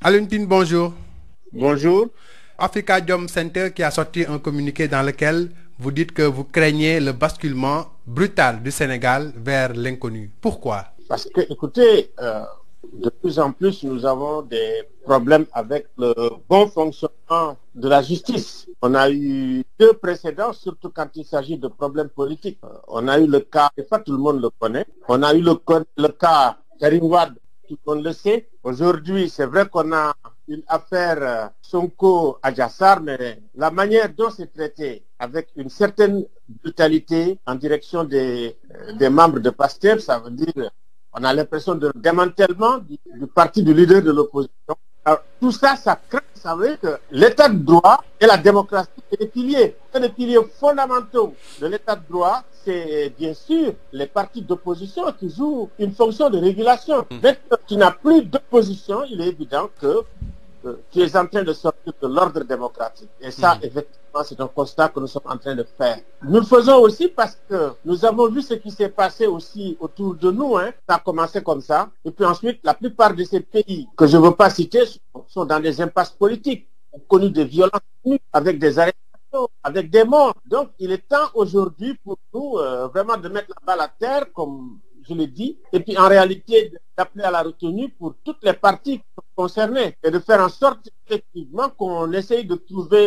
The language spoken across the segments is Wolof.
Aluntine, bonjour. Bonjour. Africa Jom Center qui a sorti un communiqué dans lequel vous dites que vous craignez le basculement brutal du Sénégal vers l'inconnu. Pourquoi Parce que, écoutez, euh, de plus en plus, nous avons des problèmes avec le bon fonctionnement de la justice. On a eu deux précédents, surtout quand il s'agit de problèmes politiques. Euh, on a eu le cas, tout le monde le connaît, on a eu le, cas Karim Wad, tout le monde le sait, Aujourd'hui, c'est vrai qu'on a une affaire euh, Sonko à Jassar, mais la manière dont c'est traité avec une certaine brutalité en direction des, euh, des membres de Pasteur, ça veut dire on a l'impression de démantèlement du parti du leader de l'opposition Alors, tout ça, ça crée, ça veut dire que l'état de droit et la démocratie sont des piliers. Un des piliers fondamentaux de l'état de droit, c'est bien sûr les partis d'opposition qui jouent une fonction de régulation. Dès mmh. que tu n'as plus d'opposition, il est évident que qui euh, est en train de sortir de l'ordre démocratique. Et ça, mmh. effectivement, c'est un constat que nous sommes en train de faire. Nous le faisons aussi parce que nous avons vu ce qui s'est passé aussi autour de nous. Hein. Ça a commencé comme ça. Et puis ensuite, la plupart de ces pays que je ne veux pas citer sont dans des impasses politiques, ont connu des violences avec des arrestations, avec des morts. Donc, il est temps aujourd'hui pour nous euh, vraiment de mettre la balle à terre, comme je l'ai dit, et puis en réalité d'appeler à la retenue pour toutes les parties qui sont concernés et de faire en sorte effectivement qu'on essaye de trouver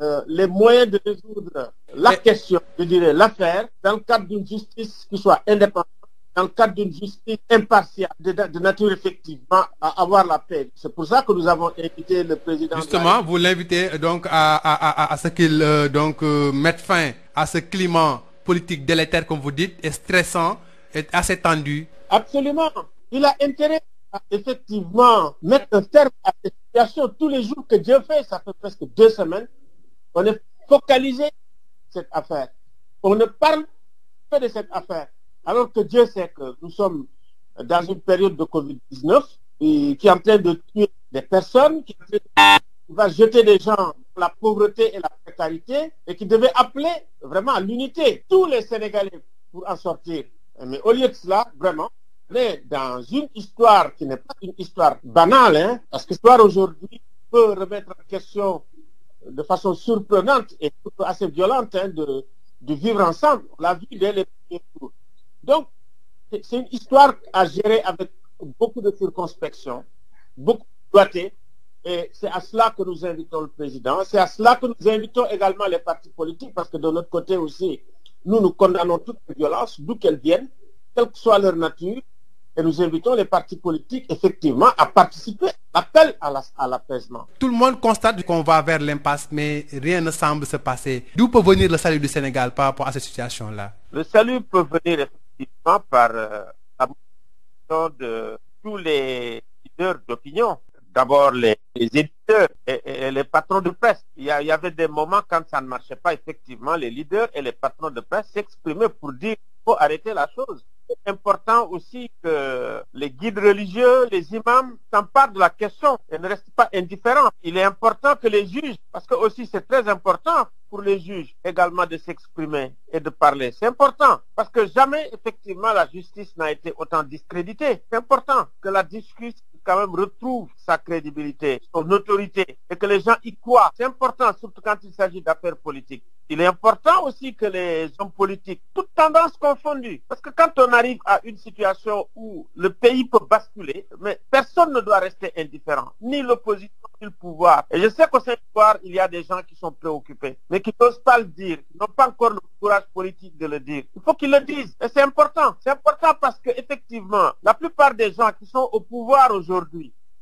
euh, les moyens de résoudre la et... question, je dirais l'affaire, dans le cadre d'une justice qui soit indépendante, dans le cadre d'une justice impartiale, de, de, nature effectivement à avoir la paix. C'est pour ça que nous avons invité le président. Justement, vous l'invitez donc à, à, à, ce qu'il euh, donc euh, mette fin à ce climat politique délétère, comme vous dites, et stressant, et assez tendu. Absolument. Il à effectivement mettre un terme à les jours que Dieu fait, ça fait presque deux semaines, on est affaire. On ne parle que de Alors que Dieu sait que nous période de Covid-19 qui de tuer des personnes, qui, de... qui des gens dans la pauvreté et la précarité et qui devait appeler vraiment à pour en sortir. Mais au lieu de cela, vraiment, Mais dans une histoire qui n'est pas une histoire banale, parce que l'histoire aujourd'hui peut remettre en question de façon surprenante et assez violente hein, de, vivre ensemble. l'a vu dès les premiers jours. Donc, c'est une histoire à gérer avec beaucoup de circonspection, beaucoup de doigté, et c'est à cela que nous invitons le président, c'est à cela que nous invitons également les partis politiques, parce que de notre côté nous nous condamnons toute violence, d'où qu'elle vienne, Et nous invitons les partis politiques, effectivement, à participer à l'appel à l'apaisement. Tout le monde constate qu'on va vers l'impasse, mais rien ne semble se passer. D'où peut venir le salut du Sénégal par rapport à cette situation-là Le salut peut venir effectivement par euh, la mobilisation de tous les leaders d'opinion. D'abord les, les, éditeurs et, et, et, les patrons de presse. Il y, a, il avait des moments quand ça ne marchait pas, effectivement, les leaders et les patrons de presse s'exprimaient pour dire qu'il faut arrêter c'est important aussi que les guides religieux, les imams s'emparent de la question et ne restent pas indifférents. Il est important que les juges, parce que aussi c'est très important pour les juges également de s'exprimer et de parler. C'est important parce que jamais effectivement la justice n'a été autant discréditée. C'est important que la discussion quand même retrouve sa crédibilité, son autorité et que les gens y croient. C'est important surtout quand il politiques. Il est important aussi que les hommes politiques, toutes tendances confondues, parce que quand on arrive à une situation où le pays peut basculer, mais personne ne doit rester indifférent, ni l'opposition, ni le pouvoir. Et je sais qu'au sein du il y a des gens qui sont préoccupés, mais qui n'osent pas le dire, qui n'ont pas encore le courage politique de le dire. Il faut qu'ils le disent, et c'est important. C'est parce que effectivement, la plupart des gens qui sont au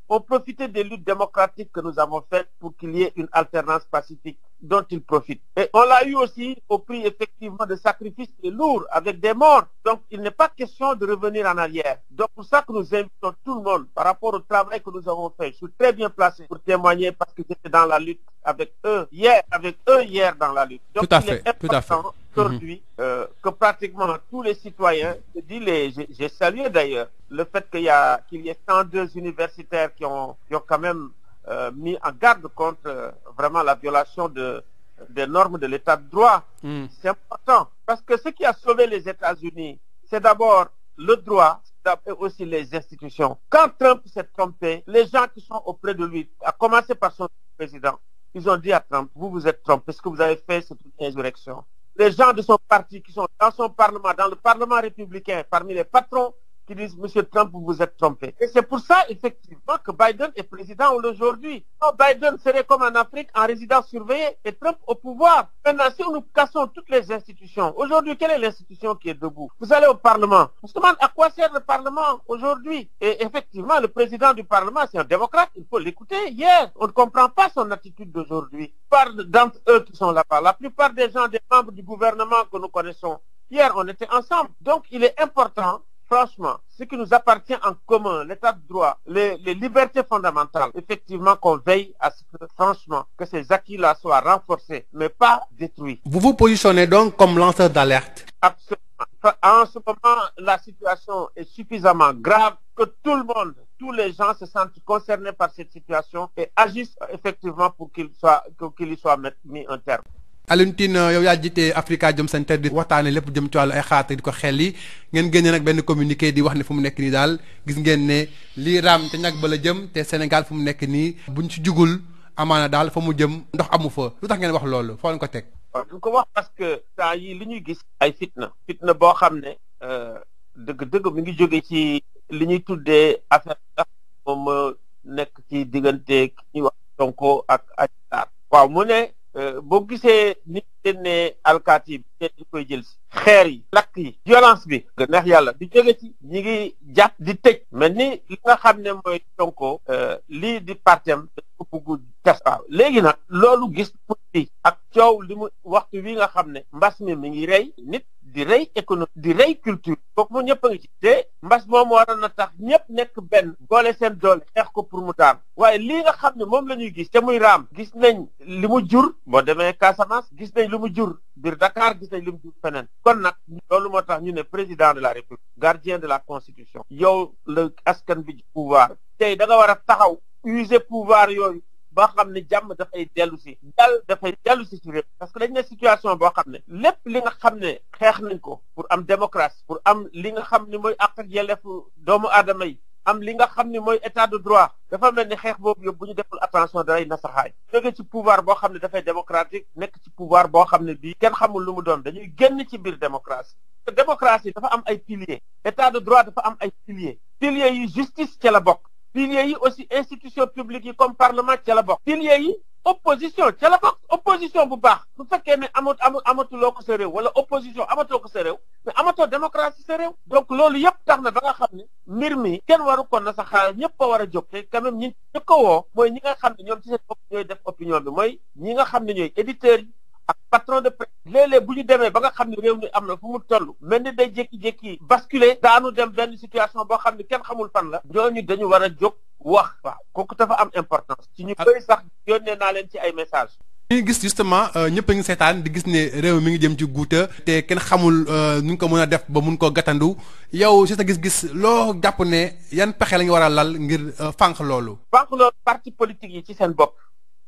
ont profité des luttes démocratiques que nous avons faites pour qu'il y ait une alternance pacifique dont ils profitent. Et on l'a eu aussi au prix effectivement de sacrifices lourds avec des morts Donc, il n'est pas question de revenir en arrière. Donc, pour ça que nous invitons tout le monde par rapport au travail que nous avons fait. Je suis très bien placé parce que j'étais dans la lutte avec eux hier, avec eux hier dans la lutte. Donc, tout il est tout Aujourd'hui, mhm. euh, que pratiquement tous les citoyens, je les, j'ai salué d'ailleurs le fait qu'il y a qu'il y ait 102 universitaires qui ont, quand même euh, mis en garde contre euh, vraiment la violation de des normes de l'état de droit. Mm. important parce que ce qui a sauvé les États-Unis, c'est d'abord le droit et aussi les institutions. Quand Trump s'est trompé, les gens qui sont auprès de lui, à commencer par son président, ils ont dit à Trump, vous vous êtes trompé, ce que vous avez fait, c'est une insurrection. Les gens de son parti qui sont dans son parlement, dans le parlement républicain, parmi les patrons qui disent Monsieur Trump, vous vous êtes trompé. Et c'est pour ça, que Biden est président aujourd'hui. Oh, Biden serait comme en Afrique, en résidence surveillée, et Trump au pouvoir. Maintenant, si nous cassons toutes les institutions, aujourd'hui, quelle est l'institution qui est debout Vous allez au Parlement. On se demande à quoi sert le Parlement aujourd'hui. Et effectivement, le président du Parlement, c'est un démocrate, il faut l'écouter. Hier, on ne comprend franchement, ce qui nous appartient en commun, l'état de droit, les, les libertés fondamentales, effectivement qu'on veille à ce que, franchement, que ces acquis-là soient renforcés, mais pas détruits. Vous vous positionnez donc comme lanceur d'alerte Absolument. En ce moment, la situation est suffisamment grave que tout le monde, tous les gens se sentent concernés par cette situation et agissent effectivement pour qu'il soit, qu'il y soit mis un terme. Alioune Tine euh, yow yaa jiite Africa Jom Center di waxtaane lépp jëm ci wàllu ay xalaat di ko xel yi ngeen génne nag benn communiqué di wax ne fu mu nekk nii daal gis ngeen ne lii raam te ñag ba la jëm te Sénégal fu mu nekk nii buñ ci jugul amaana daal fa mu jëm ndox amu fa lu tax ngeen wax loolu foo leen ko teg. waaw duñ ko wax parce que temps yi li ñuy gis ay fitna. fitna boo xam ne. dëgg-dëgg euh, mi ngi jóge ci li ñuy tuddee affaire ndax moom nekk ci diggante ki wax Sonko ak Adji waaw mu Euh, boo gisee nit leen alkaati bi ñu koy jël si xeer yi lakk yi violence bi nga neex yàlla di jóge ci ñi ngi jàpp di tëj mel ni li nga xam ne mooy Sonko euh, lii di partem dañu bugg tas waaw léegi nag loolu gis bi ak coow li mu waxtu wi nga xam ne mbas mi mi ngi rey nit di rey économie di culture kooku moom ñëpp ngi ci te mbas moom waroon na tax ñëpp nekk benn boole seen doole xeex ko pour mu daan waaye lii nga xam ne moom la ñuy gis te muy raam gis nañ li mu jur boo demee Casamance gis nañ li mu jur mbir Dakar gis nañ li mu jur feneen kon nag loolu moo tax ñu ne président de la République gardien de la constitution yow la askan bi pouvoir tey da nga war a taxaw user pouvoir yooyu boo xam ne jàmm dafay dellu si dal dafay dellu si ci réew parce que dañ ne situation boo xam ne lépp li nga xam ne xeex nañ ko pour am démocratie pour am li nga xam ni mooy àq ak yelleefu doomu aadama yi am li nga xam ne mooy état de droit dafa mel ni xeex boobu yëpp bu ñu deful attention day nasaxaay jóge ci pouvoir boo xam ne dafay démocratique nekk ci pouvoir boo xam ne bii kenn xamul lu mu doon dañuy génn ci biir démocratie démocratie dafa am ay piliers état de droit dafa am ay piliers piliers yi justice bokk piliers yi aussi institution publique yi comme parlement ca la bokk piliers yi opposition ca la bokk opposition bu baax bu fekkee ne amat amat amatuloo ko sa réew wala opposition amatoo ko sa réew mais amatoo démocratie sa réew donc loolu yëpp tax na ba nga xam ne mbir mi kenn waru kon na sa xaaral ñëpp ko war a jóg te quand même ñi ñëpp ko woo mooy ñi nga xam ne ñoom ci seen bopp ñooy def opinion bi mooy ñi nga xam ne ñooy éditeurs yi ak patron de presse léeg-léeg bu ñu demee ba nga xam ne réew mi am na fu mu toll mel ni day jékki-jékki basculer daanu dem benn situation boo xam ne kenn xamul fan la ñooñu dañu war a jóg wax waaw kooku dafa am importance ci ñu koy sax yónnee naa leen ci ay message ñu gis justement euh, ñëpp a ngi seetaan di gis ne réew mi ngi jëm ci guuta te kenn xamul euh, nu ñu ko mën a def ba mun koo gàttandu yow si sa gis-gis loo jàpp ne yan pexe la ñu war a lal ngir euh, fànq loolu fànq loo parti politique yi ci seen bopp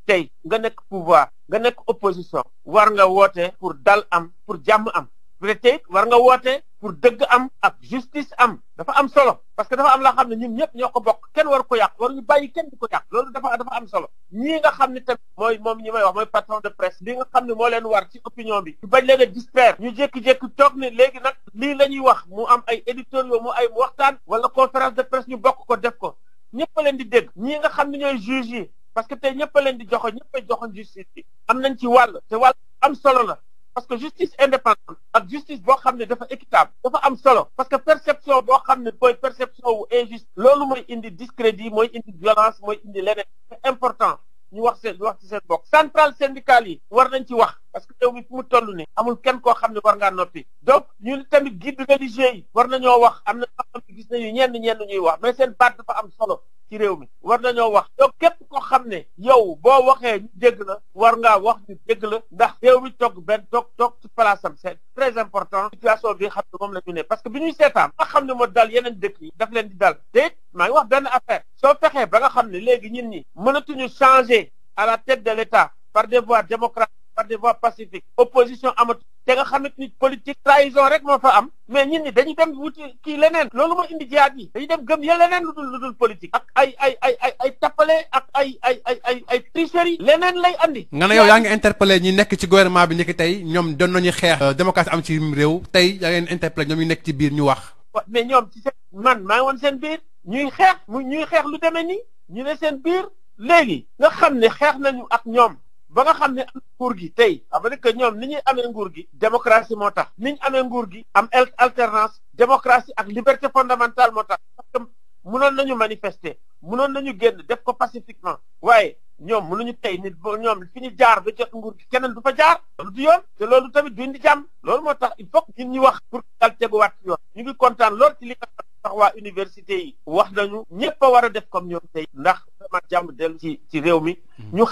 tey nga nekk pouvoir nga nekk opposition war nga woote pour dal am pour jàmm am peut-être war nga woote pour dëgg am ak justice am dafa am solo parce que dafa am loo xam ne ñun ñëpp ñoo ko bokk kenn war ko yàq waruñu bàyyi kenn di ko yàq loolu dafa am solo ñii nga xam ne tamit mooy moom ñi may wax mooy patron de presse li nga xam ne moo leen war ci opinion bi ñu bañ leen a distraire ñu jékki-jékki toog ne léegi nag lii la ñuy wax mu am ay éditoriaux mu ay waxtaan wala conférence de presse ñu bokk ko def ko ñëpp leen di dégg ñii nga xam ne ñooy juge yi parce que tey ñëpp a leen di joxoon ñëpp a joxoon justice am nañ ci wàll te wàll am solo la parce que justice indépendante ak justice boo xam ne dafa équitable dafa am solo parce que perception boo xam ne mooy perception wu injuste loolu mooy indi discrédit mooy indi violence mooy indi leneen c'est important ñu wax seen ñu wax ci seen bokk centrale syndicale yi war nañ ci wax parce que réew mi fu mu toll ni amul kenn koo xam ne war ngaa noppi donc ñun tamit guide religieux yi war wax am na gis nañu ñenn ñenn ñuy wax mais seen baat dafa am solo ci réew mi war nañoo wax donc képp ko xam ne yow boo waxee ñu dégg la war ngaa wax ñu dégg la ndax réew mi toog benn toog toog ci palaasam c'est très important situation bi xam ne moom la ñu ne parce que bi ñuy seetaan a xam ne moo dal yeneen dëkk yi daf leen di dal te maa ngi wax benn affaire soo fexee ba nga xam ne léegi ñun ñi mënatuñu changer à la tête de l'État par des voies démocratiques par des voies pacifiques opposition amatu te nga xamante ni politique trahison rek moo fa am mais ñit ñi dañuy dem wuti kii leneen loolu moo indi jihaad yi dañuy dem gëm ya leneen lu dul lu dul politique ak ay ay ay ay ay tappale ak ay ay ay ay ay tricherie leneen lay andi nga ne yow yaa ngi interpellé ñi nekk ci gouvernement bi niki tey ñoom doon nañu xeex euh, démocratie am ci réew tey yaa ngeen interpellé ñoom ñu nekk ci biir ñu wax mais ñoom ci seen man maa ngi woon seen biir ñuy xeex mu ñuy xeex lu demee nii ñu ne seen biir léegi nga xam ne xeex nañu ak ñoom ba nga xam ne am nguur gi tey ça veut dire ñoom ni ñuy amee nguur gi démocratie moo tax ni ñu amee nguur gi am alternance démocratie ak liberté fondamentale moo tax parce que mënoon nañu manifester mënoon nañu génn def ko pacifiquement waaye ñoom ñu tey nit ba ñoom fi ñu jaar ba jot nguur gi keneen du fa jaar loolu du yoon te loolu tamit du indi jàmm loolu moo tax il faut que ñu wax pour dal teguwaat yoon ñu ngi kontaan lool ci li nga xam waa université yi wax nañu ñëpp a war a def comme ñoom tey ndax vraiment jàmm dellu ci ci réew mi mm-hmm. ñu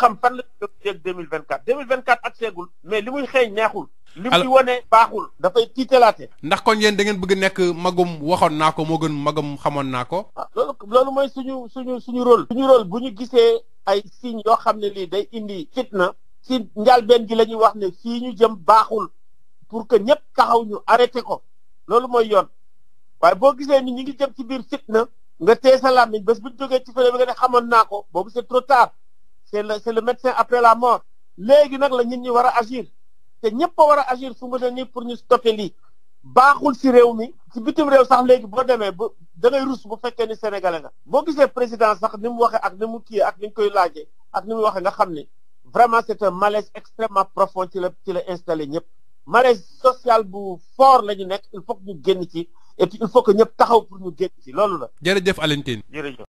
wuuteeg 2024 2024 ak seegul mais li muy xeeñ neexul. li muy wane baaxul. dafay tiitalaate. ndax kon yéen da ngeen bëgg nekk magum waxoon naa ko moo gën magum xamoon naa ko. Ah, loolu loolu mooy suñu suñu suñu rôle. suñu rôle bu ñu gisee ay signes yoo xam ne lii day indi fitna si njalbeen gi la ñuy wax ne fii ñu jëm baaxul pour que ñëpp taxaw ñu arrêté ko loolu mooy yoon waaye boo gisee ni ñu ngi jëm ci biir fitna nga tee sa làmmiñ bés bu jógee ci fële bi nga ne xamoon naa ko boobu c'est trop tard. c'est le c'est le médecin après la mort léegi nag la nit ñi war a agir te ñëpp a war a agir fu mu ne nii pour ñu stopper lii baaxul si réew mi si bitim réew sax léegi boo demee ba da ngay rus bu fekkee ni sénégalais nga boo gisee président sax ni mu waxee ak ni mu kii ak ni koy laaje ak ni mu waxee nga xam ni vraiment c'est un malaise extrêmement profond ci la ci la installé ñëpp malaise social bu fort la ñu nekk il faut ñu génn ci et puis il faut que ñëpp taxaw pour ñu génn ci loolu la. jërëjëf Alioune Tine